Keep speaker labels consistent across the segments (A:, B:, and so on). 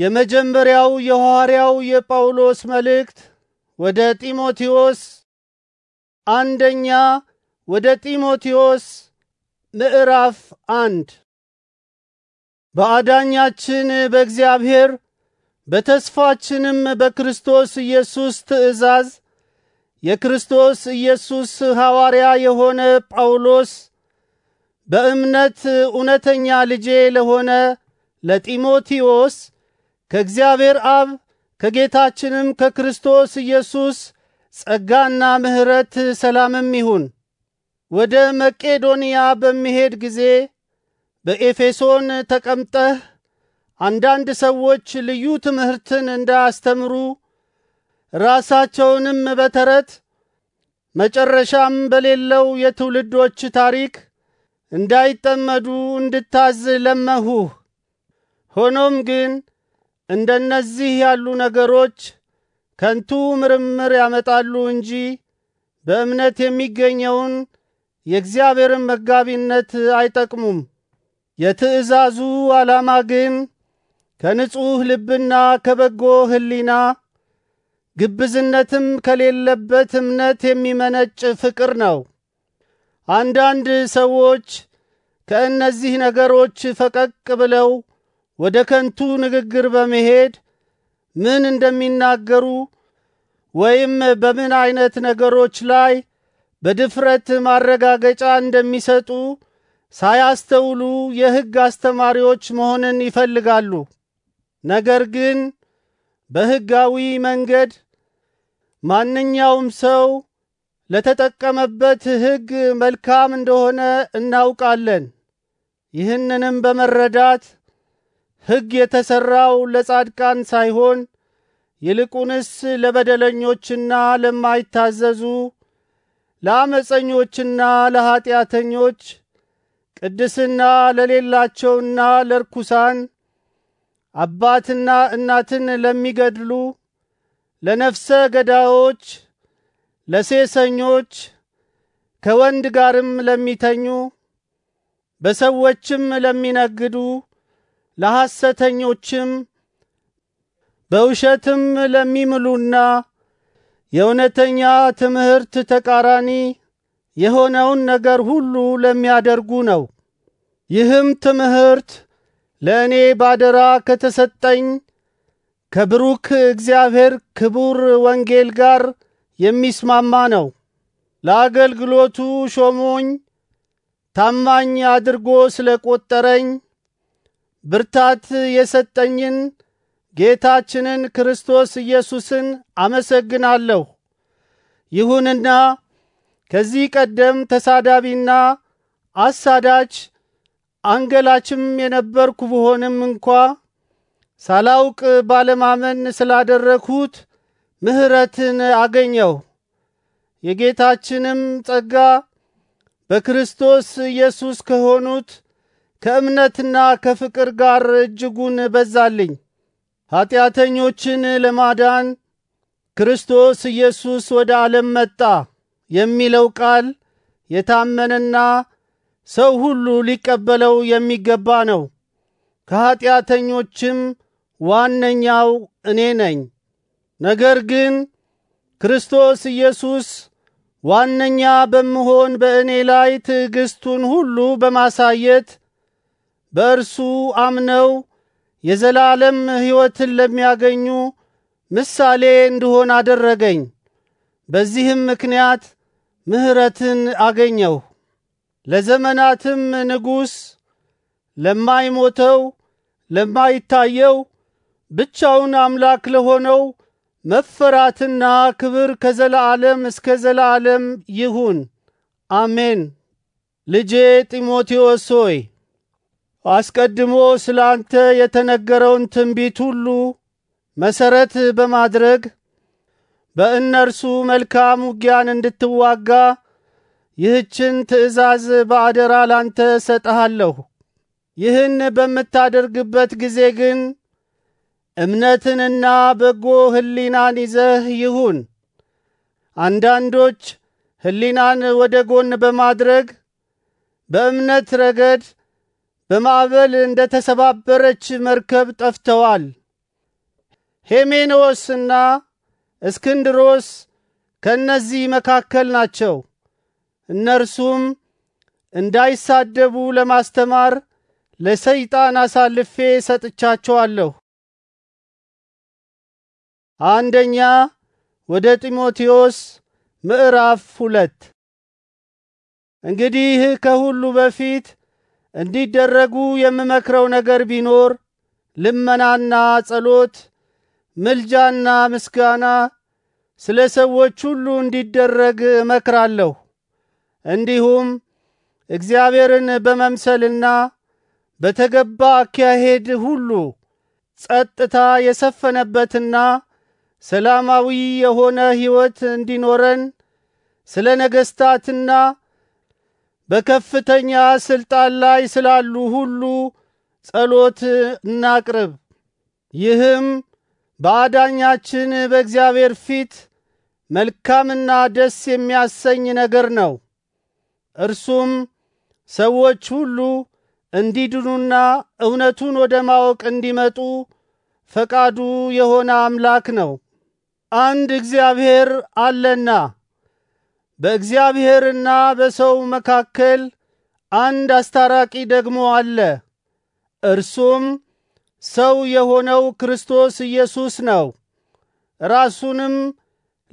A: የመጀመሪያው የሐዋርያው የጳውሎስ መልእክት ወደ ጢሞቴዎስ። አንደኛ ወደ ጢሞቴዎስ ምዕራፍ አንድ በአዳኛችን በእግዚአብሔር በተስፋችንም በክርስቶስ ኢየሱስ ትእዛዝ የክርስቶስ ኢየሱስ ሐዋርያ የሆነ ጳውሎስ በእምነት እውነተኛ ልጄ ለሆነ ለጢሞቴዎስ ከእግዚአብሔር አብ ከጌታችንም ከክርስቶስ ኢየሱስ ጸጋና ምሕረት ሰላምም ይሁን። ወደ መቄዶንያ በሚሄድ ጊዜ በኤፌሶን ተቀምጠህ አንዳንድ ሰዎች ልዩ ትምህርትን እንዳያስተምሩ ራሳቸውንም በተረት መጨረሻም በሌለው የትውልዶች ታሪክ እንዳይጠመዱ እንድታዝ ለመሁህ። ሆኖም ግን እንደነዚህ ያሉ ነገሮች ከንቱ ምርምር ያመጣሉ እንጂ በእምነት የሚገኘውን የእግዚአብሔርን መጋቢነት አይጠቅሙም። የትእዛዙ ዓላማ ግን ከንጹሕ ልብና ከበጎ ሕሊና ግብዝነትም ከሌለበት እምነት የሚመነጭ ፍቅር ነው። አንዳንድ ሰዎች ከእነዚህ ነገሮች ፈቀቅ ብለው ወደ ከንቱ ንግግር በመሄድ ምን እንደሚናገሩ ወይም በምን አይነት ነገሮች ላይ በድፍረት ማረጋገጫ እንደሚሰጡ ሳያስተውሉ የሕግ አስተማሪዎች መሆንን ይፈልጋሉ። ነገር ግን በሕጋዊ መንገድ ማንኛውም ሰው ለተጠቀመበት ሕግ መልካም እንደሆነ እናውቃለን። ይህንንም በመረዳት ሕግ የተሰራው ለጻድቃን ሳይሆን ይልቁንስ ለበደለኞችና ለማይታዘዙ ለአመፀኞችና ለኀጢአተኞች ቅድስና ለሌላቸውና ለርኩሳን አባትና እናትን ለሚገድሉ ለነፍሰ ገዳዮች፣ ለሴሰኞች፣ ከወንድ ጋርም ለሚተኙ፣ በሰዎችም ለሚነግዱ ለሐሰተኞችም በውሸትም ለሚምሉና የእውነተኛ ትምህርት ተቃራኒ የሆነውን ነገር ሁሉ ለሚያደርጉ ነው። ይህም ትምህርት ለእኔ ባደራ ከተሰጠኝ ከብሩክ እግዚአብሔር ክቡር ወንጌል ጋር የሚስማማ ነው። ለአገልግሎቱ ሾሞኝ ታማኝ አድርጎ ስለቆጠረኝ ብርታት የሰጠኝን ጌታችንን ክርስቶስ ኢየሱስን አመሰግናለሁ። ይሁንና ከዚህ ቀደም ተሳዳቢና አሳዳች አንገላችም የነበርኩ ብሆንም እንኳ ሳላውቅ ባለማመን ስላደረግሁት ምሕረትን አገኘው። የጌታችንም ጸጋ በክርስቶስ ኢየሱስ ከሆኑት ከእምነትና ከፍቅር ጋር እጅጉን በዛልኝ። ኀጢአተኞችን ለማዳን ክርስቶስ ኢየሱስ ወደ ዓለም መጣ የሚለው ቃል የታመነና ሰው ሁሉ ሊቀበለው የሚገባ ነው። ከኀጢአተኞችም ዋነኛው እኔ ነኝ። ነገር ግን ክርስቶስ ኢየሱስ ዋነኛ በምሆን በእኔ ላይ ትዕግስቱን ሁሉ በማሳየት በእርሱ አምነው የዘላለም ሕይወትን ለሚያገኙ ምሳሌ እንድሆን አደረገኝ። በዚህም ምክንያት ምሕረትን አገኘሁ። ለዘመናትም ንጉሥ ለማይሞተው ለማይታየው ብቻውን አምላክ ለሆነው መፈራትና ክብር ከዘላለም እስከ ዘላለም ይሁን፣ አሜን። ልጄ ጢሞቴዎስ ሆይ አስቀድሞ ስለ አንተ የተነገረውን ትንቢት ሁሉ መሰረት በማድረግ በእነርሱ መልካም ውጊያን እንድትዋጋ ይህችን ትእዛዝ በአደራ ላንተ ሰጠሃለሁ። ይህን በምታደርግበት ጊዜ ግን እምነትንና በጎ ሕሊናን ይዘህ ይሁን። አንዳንዶች ሕሊናን ወደ ጎን በማድረግ በእምነት ረገድ በማዕበል እንደተሰባበረች መርከብ ጠፍተዋል። ሄሜኖስና እስክንድሮስ ከእነዚህ መካከል ናቸው። እነርሱም እንዳይሳደቡ ለማስተማር ለሰይጣን አሳልፌ ሰጥቻቸዋለሁ። አንደኛ ወደ ጢሞቴዎስ ምዕራፍ ሁለት እንግዲህ ከሁሉ በፊት እንዲደረጉ የምመክረው ነገር ቢኖር ልመናና ጸሎት፣ ምልጃና ምስጋና ስለ ሰዎች ሁሉ እንዲደረግ እመክራለሁ። እንዲሁም እግዚአብሔርን በመምሰልና በተገባ አካሄድ ሁሉ ጸጥታ የሰፈነበትና ሰላማዊ የሆነ ሕይወት እንዲኖረን ስለ ነገስታትና በከፍተኛ ስልጣን ላይ ስላሉ ሁሉ ጸሎት እናቅርብ። ይህም በአዳኛችን በእግዚአብሔር ፊት መልካምና ደስ የሚያሰኝ ነገር ነው። እርሱም ሰዎች ሁሉ እንዲድኑና እውነቱን ወደ ማወቅ እንዲመጡ ፈቃዱ የሆነ አምላክ ነው። አንድ እግዚአብሔር አለና በእግዚአብሔርና በሰው መካከል አንድ አስታራቂ ደግሞ አለ፣ እርሱም ሰው የሆነው ክርስቶስ ኢየሱስ ነው። ራሱንም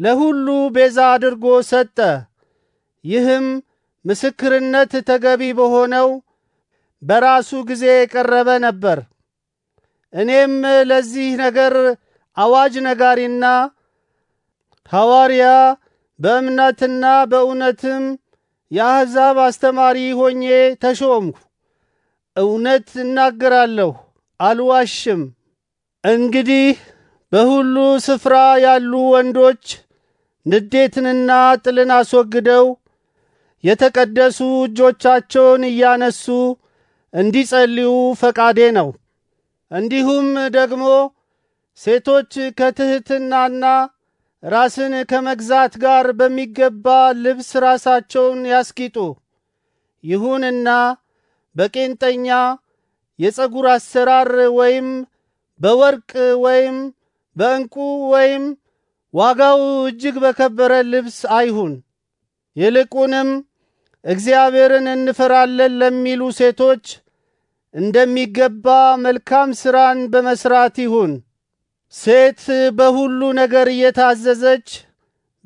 A: ለሁሉ ቤዛ አድርጎ ሰጠ። ይህም ምስክርነት ተገቢ በሆነው በራሱ ጊዜ የቀረበ ነበር። እኔም ለዚህ ነገር አዋጅ ነጋሪና ሐዋርያ በእምነትና በእውነትም የአሕዛብ አስተማሪ ሆኜ ተሾምኩ። እውነት እናገራለሁ፣ አልዋሽም። እንግዲህ በሁሉ ስፍራ ያሉ ወንዶች ንዴትንና ጥልን አስወግደው የተቀደሱ እጆቻቸውን እያነሱ እንዲጸልዩ ፈቃዴ ነው። እንዲሁም ደግሞ ሴቶች ከትሕትናና ራስን ከመግዛት ጋር በሚገባ ልብስ ራሳቸውን ያስጊጡ። ይሁንና በቄንጠኛ የፀጉር አሰራር ወይም በወርቅ ወይም በእንቁ ወይም ዋጋው እጅግ በከበረ ልብስ አይሁን። ይልቁንም እግዚአብሔርን እንፈራለን ለሚሉ ሴቶች እንደሚገባ መልካም ስራን በመስራት ይሁን። ሴት በሁሉ ነገር እየታዘዘች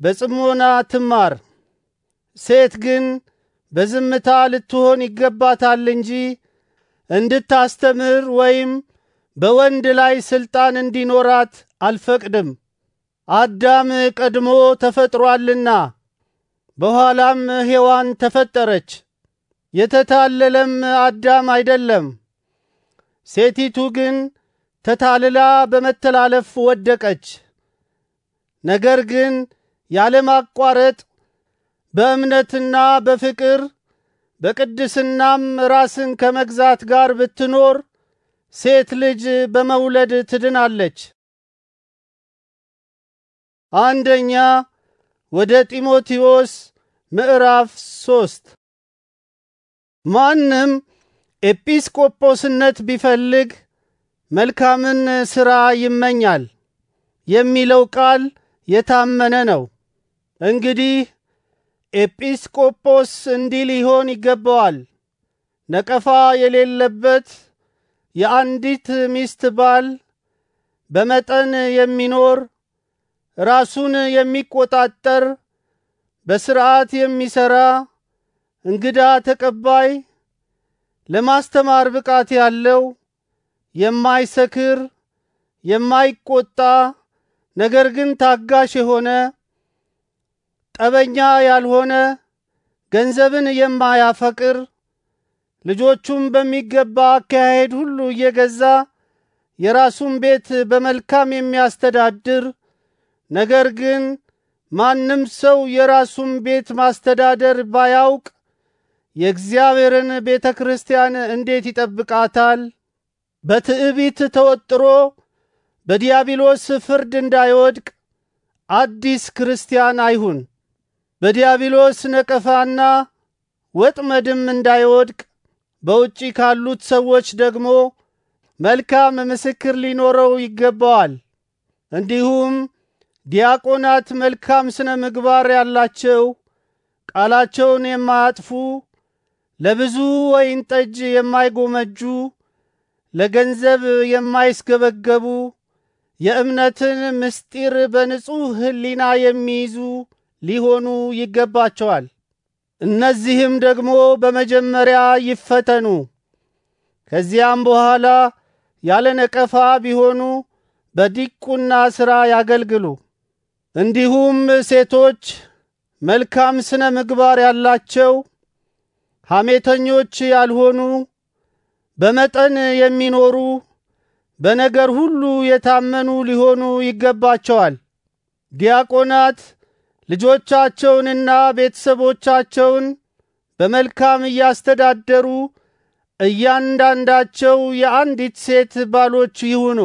A: በጽሞና ትማር። ሴት ግን በዝምታ ልትሆን ይገባታል እንጂ እንድታስተምር ወይም በወንድ ላይ ስልጣን እንዲኖራት አልፈቅድም። አዳም ቀድሞ ተፈጥሯልና በኋላም ሔዋን ተፈጠረች። የተታለለም አዳም አይደለም። ሴቲቱ ግን ተታልላ በመተላለፍ ወደቀች። ነገር ግን ያለማቋረጥ በእምነትና በፍቅር በቅድስናም ራስን ከመግዛት ጋር ብትኖር ሴት ልጅ በመውለድ ትድናለች። አንደኛ ወደ ጢሞቴዎስ ምዕራፍ ሶስት ማንም ኤጲስቆጶስነት ቢፈልግ መልካምን ሥራ ይመኛል የሚለው ቃል የታመነ ነው። እንግዲህ ኤጲስቆጶስ እንዲህ ሊሆን ይገባዋል፤ ነቀፋ የሌለበት የአንዲት ሚስት ባል፣ በመጠን የሚኖር ራሱን የሚቆጣጠር፣ በስርዓት የሚሰራ፣ እንግዳ ተቀባይ፣ ለማስተማር ብቃት ያለው የማይሰክር የማይቆጣ ነገር ግን ታጋሽ የሆነ ጠበኛ ያልሆነ ገንዘብን የማያፈቅር ልጆቹም በሚገባ አካሄድ ሁሉ እየገዛ የራሱን ቤት በመልካም የሚያስተዳድር ነገር ግን ማንም ሰው የራሱን ቤት ማስተዳደር ባያውቅ የእግዚአብሔርን ቤተ ክርስቲያን እንዴት ይጠብቃታል? በትዕቢት ተወጥሮ በዲያብሎስ ፍርድ እንዳይወድቅ አዲስ ክርስቲያን አይሁን። በዲያብሎስ ነቀፋና ወጥመድም እንዳይወድቅ በውጪ ካሉት ሰዎች ደግሞ መልካም ምስክር ሊኖረው ይገባዋል። እንዲሁም ዲያቆናት መልካም ስነ ምግባር ያላቸው፣ ቃላቸውን የማያጥፉ፣ ለብዙ ወይን ጠጅ የማይጎመጁ ለገንዘብ የማይስገበገቡ የእምነትን ምስጢር በንጹሕ ሕሊና የሚይዙ ሊሆኑ ይገባቸዋል። እነዚህም ደግሞ በመጀመሪያ ይፈተኑ። ከዚያም በኋላ ያለ ነቀፋ ቢሆኑ በዲቁና ሥራ ያገልግሉ። እንዲሁም ሴቶች መልካም ስነ ምግባር ያላቸው ሐሜተኞች ያልሆኑ በመጠን የሚኖሩ በነገር ሁሉ የታመኑ ሊሆኑ ይገባቸዋል። ዲያቆናት ልጆቻቸውንና ቤተሰቦቻቸውን በመልካም እያስተዳደሩ እያንዳንዳቸው የአንዲት ሴት ባሎች ይሁኑ።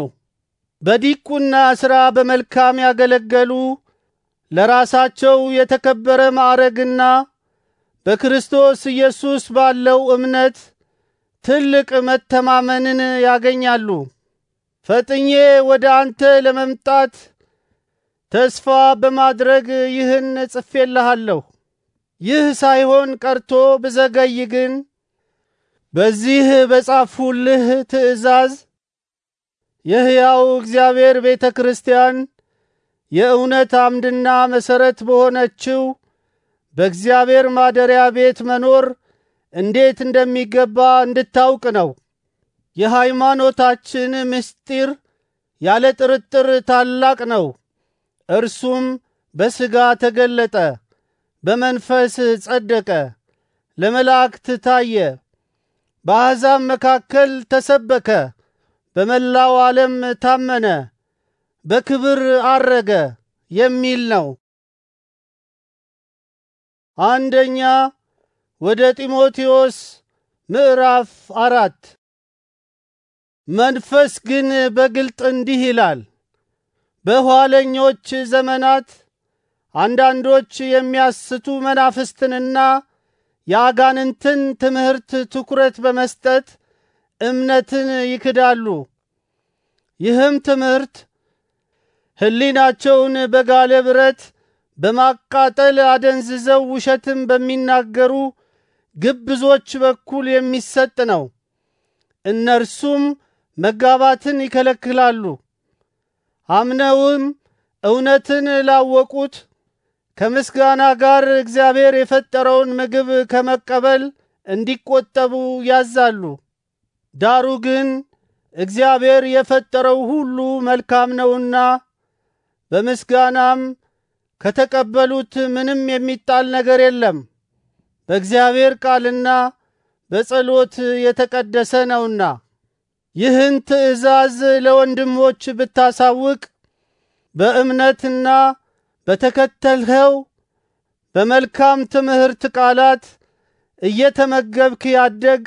A: በዲቁና ሥራ በመልካም ያገለገሉ ለራሳቸው የተከበረ ማዕረግና በክርስቶስ ኢየሱስ ባለው እምነት ትልቅ መተማመንን ያገኛሉ። ፈጥኜ ወደ አንተ ለመምጣት ተስፋ በማድረግ ይህን ጽፌልሃለሁ። ይህ ሳይሆን ቀርቶ ብዘገይ ግን በዚህ በጻፉልህ ትእዛዝ የሕያው እግዚአብሔር ቤተ ክርስቲያን የእውነት አምድና መሠረት በሆነችው በእግዚአብሔር ማደሪያ ቤት መኖር እንዴት እንደሚገባ እንድታውቅ ነው። የሃይማኖታችን ምስጢር ያለ ጥርጥር ታላቅ ነው። እርሱም በሥጋ ተገለጠ፣ በመንፈስ ጸደቀ፣ ለመላእክት ታየ፣ በአሕዛብ መካከል ተሰበከ፣ በመላው ዓለም ታመነ፣ በክብር አረገ የሚል ነው። አንደኛ ወደ ጢሞቴዎስ ምዕራፍ አራት መንፈስ ግን በግልጥ እንዲህ ይላል፣ በኋለኞች ዘመናት አንዳንዶች የሚያስቱ መናፍስትንና የአጋንንትን ትምህርት ትኩረት በመስጠት እምነትን ይክዳሉ። ይህም ትምህርት ሕሊናቸውን በጋለ ብረት በማቃጠል አደንዝዘው ውሸትን በሚናገሩ ግብዞች በኩል የሚሰጥ ነው። እነርሱም መጋባትን ይከለክላሉ። አምነውም እውነትን ላወቁት ከምስጋና ጋር እግዚአብሔር የፈጠረውን ምግብ ከመቀበል እንዲቆጠቡ ያዛሉ። ዳሩ ግን እግዚአብሔር የፈጠረው ሁሉ መልካም ነውና በምስጋናም ከተቀበሉት ምንም የሚጣል ነገር የለም። በእግዚአብሔር ቃልና በጸሎት የተቀደሰ ነውና። ይህን ትእዛዝ ለወንድሞች ብታሳውቅ በእምነትና በተከተልኸው በመልካም ትምህርት ቃላት እየተመገብክ ያደግ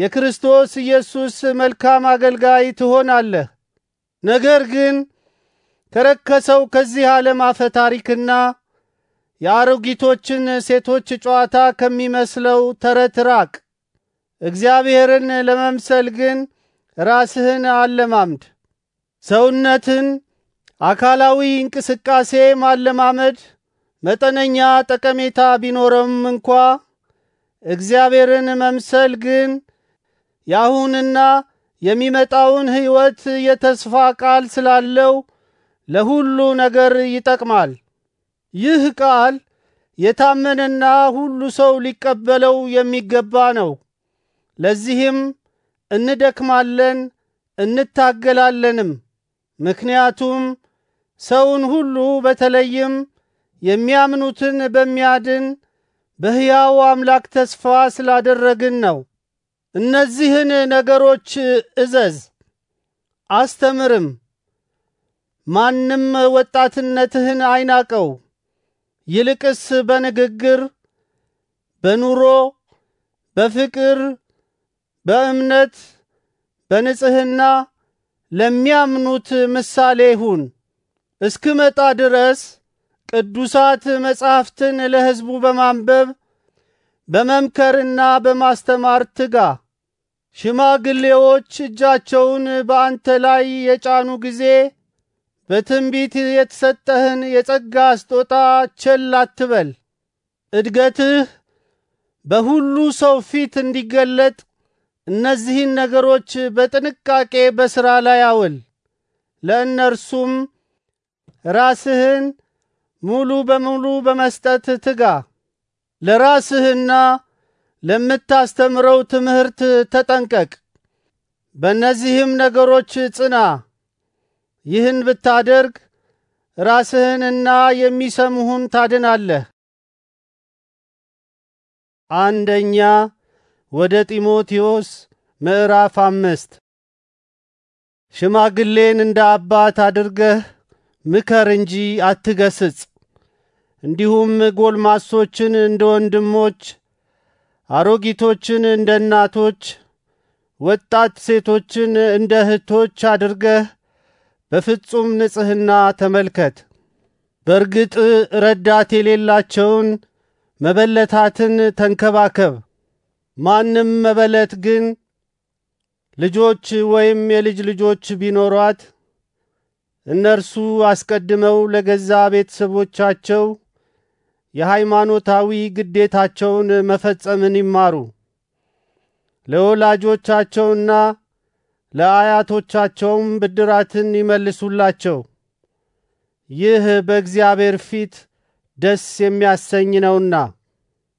A: የክርስቶስ ኢየሱስ መልካም አገልጋይ ትሆናለህ። ነገር ግን ከረከሰው ከዚህ ዓለም አፈ ታሪክና የአሮጊቶችን ሴቶች ጨዋታ ከሚመስለው ተረት ራቅ። እግዚአብሔርን ለመምሰል ግን ራስህን አለማምድ። ሰውነትን አካላዊ እንቅስቃሴ ማለማመድ መጠነኛ ጠቀሜታ ቢኖረም እንኳ እግዚአብሔርን መምሰል ግን የአሁንና የሚመጣውን ሕይወት የተስፋ ቃል ስላለው ለሁሉ ነገር ይጠቅማል። ይህ ቃል የታመነና ሁሉ ሰው ሊቀበለው የሚገባ ነው። ለዚህም እንደክማለን እንታገላለንም። ምክንያቱም ሰውን ሁሉ በተለይም የሚያምኑትን በሚያድን በሕያው አምላክ ተስፋ ስላደረግን ነው። እነዚህን ነገሮች እዘዝ፣ አስተምርም። ማንም ወጣትነትህን አይናቀው። ይልቅስ በንግግር፣ በኑሮ፣ በፍቅር፣ በእምነት፣ በንጽህና ለሚያምኑት ምሳሌ ይሁን። እስክመጣ ድረስ ቅዱሳት መጻሕፍትን ለሕዝቡ በማንበብ በመምከርና በማስተማር ትጋ። ሽማግሌዎች እጃቸውን በአንተ ላይ የጫኑ ጊዜ በትንቢት የተሰጠህን የጸጋ ስጦታ ቸል አትበል። እድገትህ በሁሉ ሰው ፊት እንዲገለጥ እነዚህን ነገሮች በጥንቃቄ በሥራ ላይ አውል። ለእነርሱም ራስህን ሙሉ በሙሉ በመስጠት ትጋ። ለራስህና ለምታስተምረው ትምህርት ተጠንቀቅ። በእነዚህም ነገሮች ጽና። ይህን ብታደርግ ራስህንና የሚሰሙህን ታድናለህ። አንደኛ ወደ ጢሞቴዎስ ምዕራፍ አምስት ሽማግሌን እንደ አባት አድርገህ ምከር እንጂ አትገስጽ። እንዲሁም ጎልማሶችን እንደ ወንድሞች፣ አሮጊቶችን እንደ እናቶች፣ ወጣት ሴቶችን እንደ እህቶች አድርገህ በፍጹም ንጽሕና ተመልከት። በእርግጥ ረዳት የሌላቸውን መበለታትን ተንከባከብ። ማንም መበለት ግን ልጆች ወይም የልጅ ልጆች ቢኖሯት እነርሱ አስቀድመው ለገዛ ቤተሰቦቻቸው የሃይማኖታዊ ግዴታቸውን መፈጸምን ይማሩ። ለወላጆቻቸውና ለአያቶቻቸውም ብድራትን ይመልሱላቸው። ይህ በእግዚአብሔር ፊት ደስ የሚያሰኝ ነውና።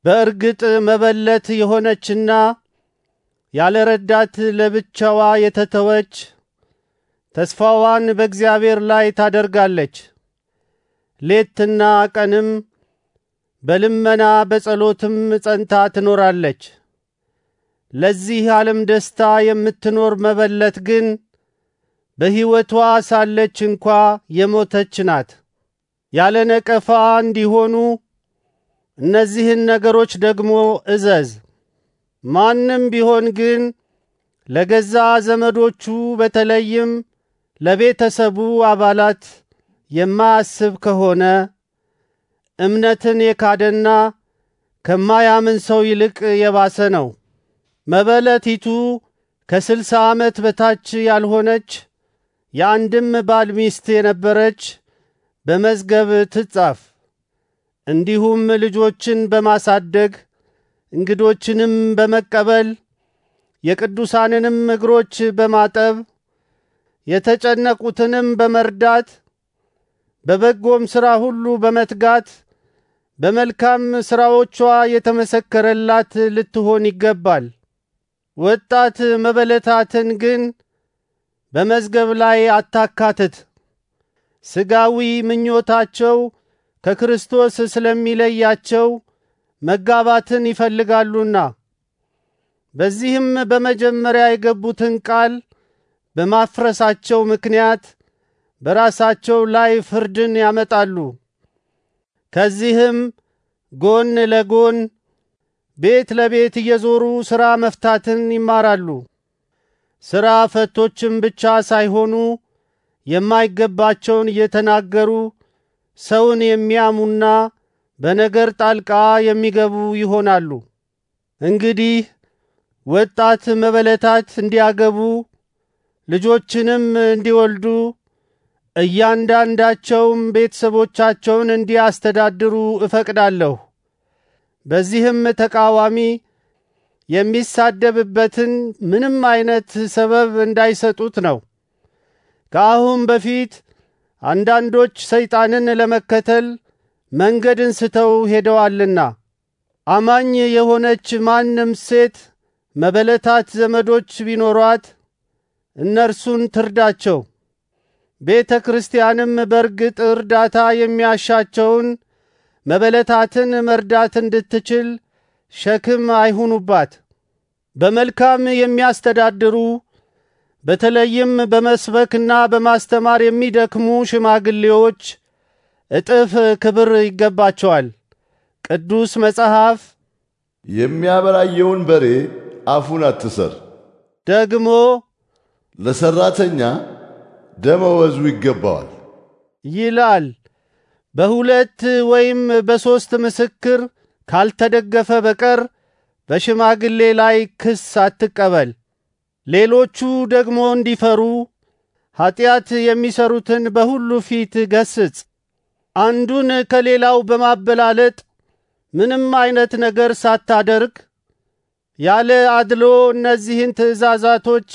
A: በእርግጥ መበለት የሆነችና ያለ ረዳት ለብቻዋ የተተወች ተስፋዋን በእግዚአብሔር ላይ ታደርጋለች። ሌትና ቀንም በልመና በጸሎትም ጸንታ ትኖራለች። ለዚህ ዓለም ደስታ የምትኖር መበለት ግን በሕይወቷ ሳለች እንኳ የሞተች ናት። ያለ ነቀፋ እንዲሆኑ እነዚህን ነገሮች ደግሞ እዘዝ። ማንም ቢሆን ግን ለገዛ ዘመዶቹ በተለይም ለቤተሰቡ አባላት የማያስብ ከሆነ እምነትን የካደና ከማያምን ሰው ይልቅ የባሰ ነው። መበለቲቱ ከስልሳ ዓመት በታች ያልሆነች የአንድም ባል ሚስት የነበረች በመዝገብ ትጻፍ። እንዲሁም ልጆችን በማሳደግ እንግዶችንም በመቀበል የቅዱሳንንም እግሮች በማጠብ የተጨነቁትንም በመርዳት በበጎም ሥራ ሁሉ በመትጋት በመልካም ሥራዎቿ የተመሰከረላት ልትሆን ይገባል። ወጣት መበለታትን ግን በመዝገብ ላይ አታካትት። ስጋዊ ምኞታቸው ከክርስቶስ ስለሚለያቸው መጋባትን ይፈልጋሉና። በዚህም በመጀመሪያ የገቡትን ቃል በማፍረሳቸው ምክንያት በራሳቸው ላይ ፍርድን ያመጣሉ። ከዚህም ጎን ለጎን ቤት ለቤት እየዞሩ ሥራ መፍታትን ይማራሉ። ሥራ ፈቶችም ብቻ ሳይሆኑ የማይገባቸውን እየተናገሩ ሰውን የሚያሙና በነገር ጣልቃ የሚገቡ ይሆናሉ። እንግዲህ ወጣት መበለታት እንዲያገቡ ልጆችንም እንዲወልዱ እያንዳንዳቸውም ቤተሰቦቻቸውን እንዲያስተዳድሩ እፈቅዳለሁ። በዚህም ተቃዋሚ የሚሳደብበትን ምንም አይነት ሰበብ እንዳይሰጡት ነው። ከአሁን በፊት አንዳንዶች ሰይጣንን ለመከተል መንገድን ስተው ሄደዋልና አማኝ የሆነች ማንም ሴት መበለታት ዘመዶች ቢኖሯት እነርሱን ትርዳቸው። ቤተ ክርስቲያንም በርግጥ እርዳታ የሚያሻቸውን መበለታትን መርዳት እንድትችል ሸክም አይሁኑባት። በመልካም የሚያስተዳድሩ በተለይም በመስበክና በማስተማር የሚደክሙ ሽማግሌዎች እጥፍ ክብር ይገባቸዋል። ቅዱስ መጽሐፍ የሚያበራየውን በሬ አፉን አትሰር፣ ደግሞ ለሰራተኛ ደመወዙ ይገባዋል ይላል። በሁለት ወይም በሶስት ምስክር ካልተደገፈ በቀር በሽማግሌ ላይ ክስ አትቀበል። ሌሎቹ ደግሞ እንዲፈሩ ኀጢአት የሚሰሩትን በሁሉ ፊት ገስጽ። አንዱን ከሌላው በማበላለጥ ምንም አይነት ነገር ሳታደርግ ያለ አድሎ እነዚህን ትእዛዛቶች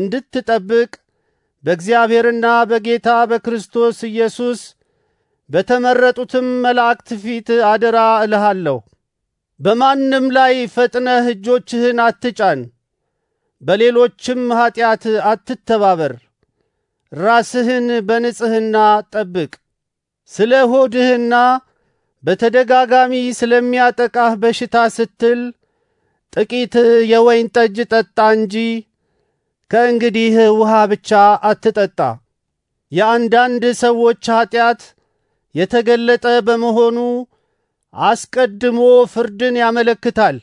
A: እንድትጠብቅ በእግዚአብሔርና በጌታ በክርስቶስ ኢየሱስ በተመረጡትም መላእክት ፊት አደራ እልሃለሁ። በማንም ላይ ፈጥነህ እጆችህን አትጫን። በሌሎችም ኀጢአት አትተባበር። ራስህን በንጽህና ጠብቅ። ስለ ሆድህና በተደጋጋሚ ስለሚያጠቃህ በሽታ ስትል ጥቂት የወይን ጠጅ ጠጣ እንጂ ከእንግዲህ ውሃ ብቻ አትጠጣ። የአንዳንድ ሰዎች ኀጢአት የተገለጠ በመሆኑ አስቀድሞ ፍርድን ያመለክታል።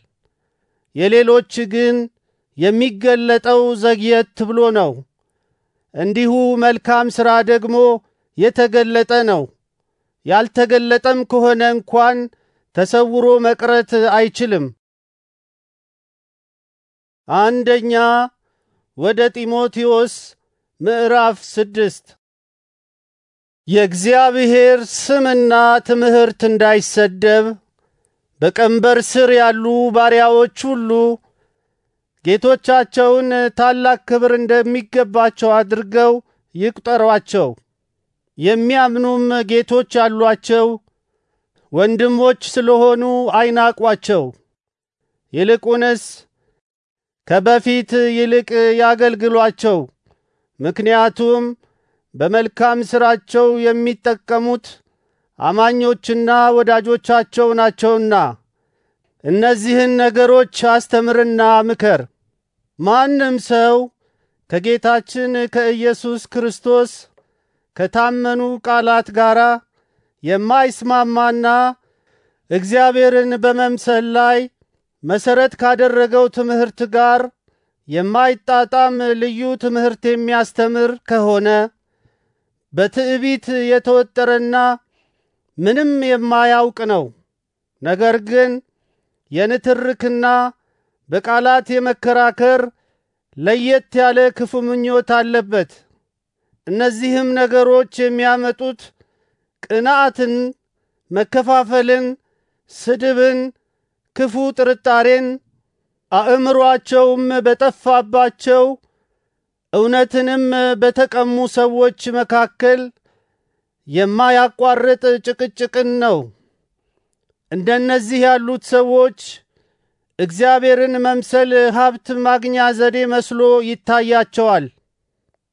A: የሌሎች ግን የሚገለጠው ዘግየት ብሎ ነው። እንዲሁ መልካም ሥራ ደግሞ የተገለጠ ነው። ያልተገለጠም ከሆነ እንኳን ተሰውሮ መቅረት አይችልም። አንደኛ ወደ ጢሞቴዎስ ምዕራፍ ስድስት የእግዚአብሔር ስምና ትምህርት እንዳይሰደብ በቀንበር ስር ያሉ ባሪያዎች ሁሉ ጌቶቻቸውን ታላቅ ክብር እንደሚገባቸው አድርገው ይቁጠሯቸው። የሚያምኑም ጌቶች ያሏቸው ወንድሞች ስለሆኑ አይናቋቸው። ይልቁንስ ከበፊት ይልቅ ያገልግሏቸው። ምክንያቱም በመልካም ስራቸው የሚጠቀሙት አማኞችና ወዳጆቻቸው ናቸውና። እነዚህን ነገሮች አስተምርና ምከር። ማንም ሰው ከጌታችን ከኢየሱስ ክርስቶስ ከታመኑ ቃላት ጋር የማይስማማና እግዚአብሔርን በመምሰል ላይ መሰረት ካደረገው ትምህርት ጋር የማይጣጣም ልዩ ትምህርት የሚያስተምር ከሆነ በትዕቢት የተወጠረና ምንም የማያውቅ ነው። ነገር ግን የንትርክና በቃላት የመከራከር ለየት ያለ ክፉ ምኞት አለበት። እነዚህም ነገሮች የሚያመጡት ቅንዓትን፣ መከፋፈልን፣ ስድብን፣ ክፉ ጥርጣሬን አእምሯቸውም በጠፋባቸው እውነትንም በተቀሙ ሰዎች መካከል የማያቋርጥ ጭቅጭቅን ነው። እንደነዚህ ያሉት ሰዎች እግዚአብሔርን መምሰል ሀብት ማግኛ ዘዴ መስሎ ይታያቸዋል።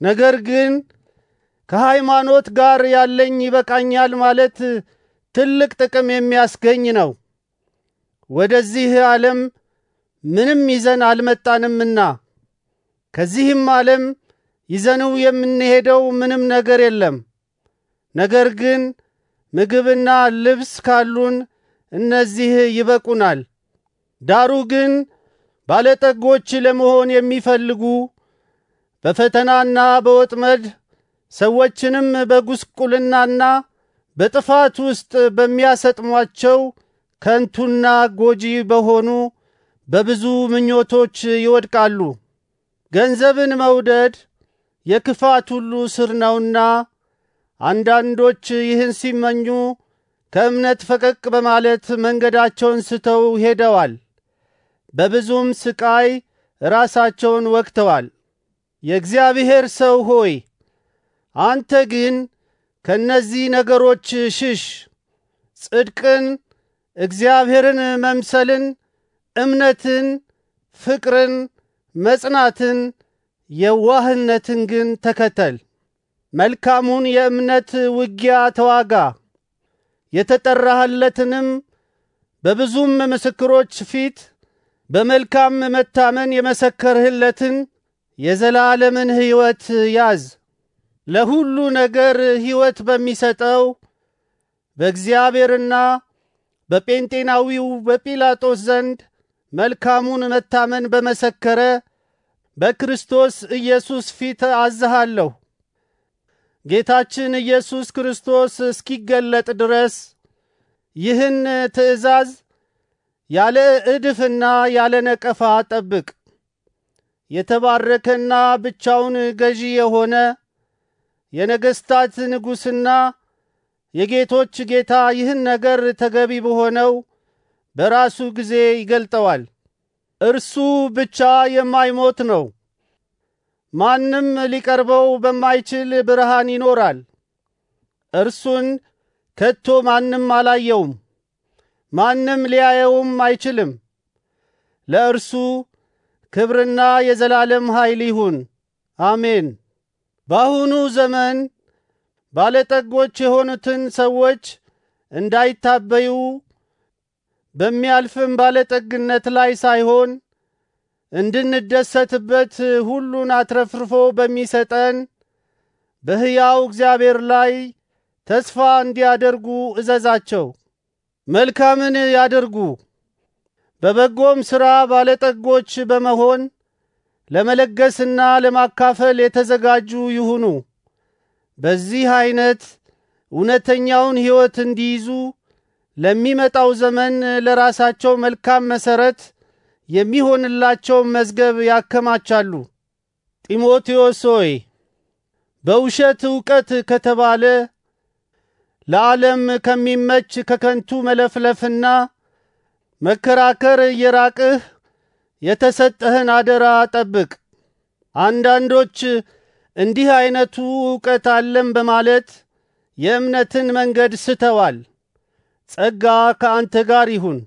A: ነገር ግን ከሃይማኖት ጋር ያለኝ ይበቃኛል ማለት ትልቅ ጥቅም የሚያስገኝ ነው። ወደዚህ ዓለም ምንም ይዘን አልመጣንምና ከዚህም ዓለም ይዘንው የምንሄደው ምንም ነገር የለም። ነገር ግን ምግብና ልብስ ካሉን እነዚህ ይበቁናል። ዳሩ ግን ባለጠጎች ለመሆን የሚፈልጉ በፈተናና በወጥመድ ሰዎችንም በጉስቁልናና በጥፋት ውስጥ በሚያሰጥሟቸው ከንቱና ጎጂ በሆኑ በብዙ ምኞቶች ይወድቃሉ። ገንዘብን መውደድ የክፋት ሁሉ ስር ነውና አንዳንዶች ይህን ሲመኙ ከእምነት ፈቀቅ በማለት መንገዳቸውን ስተው ሄደዋል። በብዙም ስቃይ ራሳቸውን ወክተዋል። የእግዚአብሔር ሰው ሆይ አንተ ግን ከነዚህ ነገሮች ሽሽ። ጽድቅን፣ እግዚአብሔርን መምሰልን፣ እምነትን፣ ፍቅርን፣ መጽናትን የዋህነትን ግን ተከተል። መልካሙን የእምነት ውጊያ ተዋጋ፣ የተጠራህለትንም በብዙም ምስክሮች ፊት በመልካም መታመን የመሰከርህለትን የዘላለምን ሕይወት ያዝ። ለሁሉ ነገር ሕይወት በሚሰጠው በእግዚአብሔርና በጴንጤናዊው በጲላጦስ ዘንድ መልካሙን መታመን በመሰከረ በክርስቶስ ኢየሱስ ፊት አዝሃለሁ። ጌታችን ኢየሱስ ክርስቶስ እስኪገለጥ ድረስ ይህን ትእዛዝ ያለ እድፍና ያለ ነቀፋ ጠብቅ። የተባረከና ብቻውን ገዢ የሆነ የነገስታት ንጉስና የጌቶች ጌታ ይህን ነገር ተገቢ በሆነው በራሱ ጊዜ ይገልጠዋል። እርሱ ብቻ የማይሞት ነው። ማንም ሊቀርበው በማይችል ብርሃን ይኖራል። እርሱን ከቶ ማንም አላየውም፣ ማንም ሊያየውም አይችልም። ለእርሱ ክብርና የዘላለም ኃይል ይሁን፣ አሜን። በአሁኑ ዘመን ባለጠጎች የሆኑትን ሰዎች እንዳይታበዩ በሚያልፍም ባለጠግነት ላይ ሳይሆን እንድንደሰትበት ሁሉን አትረፍርፎ በሚሰጠን በሕያው እግዚአብሔር ላይ ተስፋ እንዲያደርጉ እዘዛቸው። መልካምን ያደርጉ፣ በበጎም ሥራ ባለጠጎች በመሆን ለመለገስና ለማካፈል የተዘጋጁ ይሁኑ። በዚህ አይነት እውነተኛውን ሕይወት እንዲይዙ ለሚመጣው ዘመን ለራሳቸው መልካም መሰረት የሚሆንላቸው መዝገብ ያከማቻሉ። ጢሞቴዎስ ሆይ በውሸት እውቀት ከተባለ ለዓለም ከሚመች ከከንቱ መለፍለፍና መከራከር የራቅህ የተሰጠህን አደራ ጠብቅ። አንዳንዶች እንዲህ አይነቱ እውቀት አለም በማለት የእምነትን መንገድ ስተዋል። ጸጋ ከአንተ ጋር ይሁን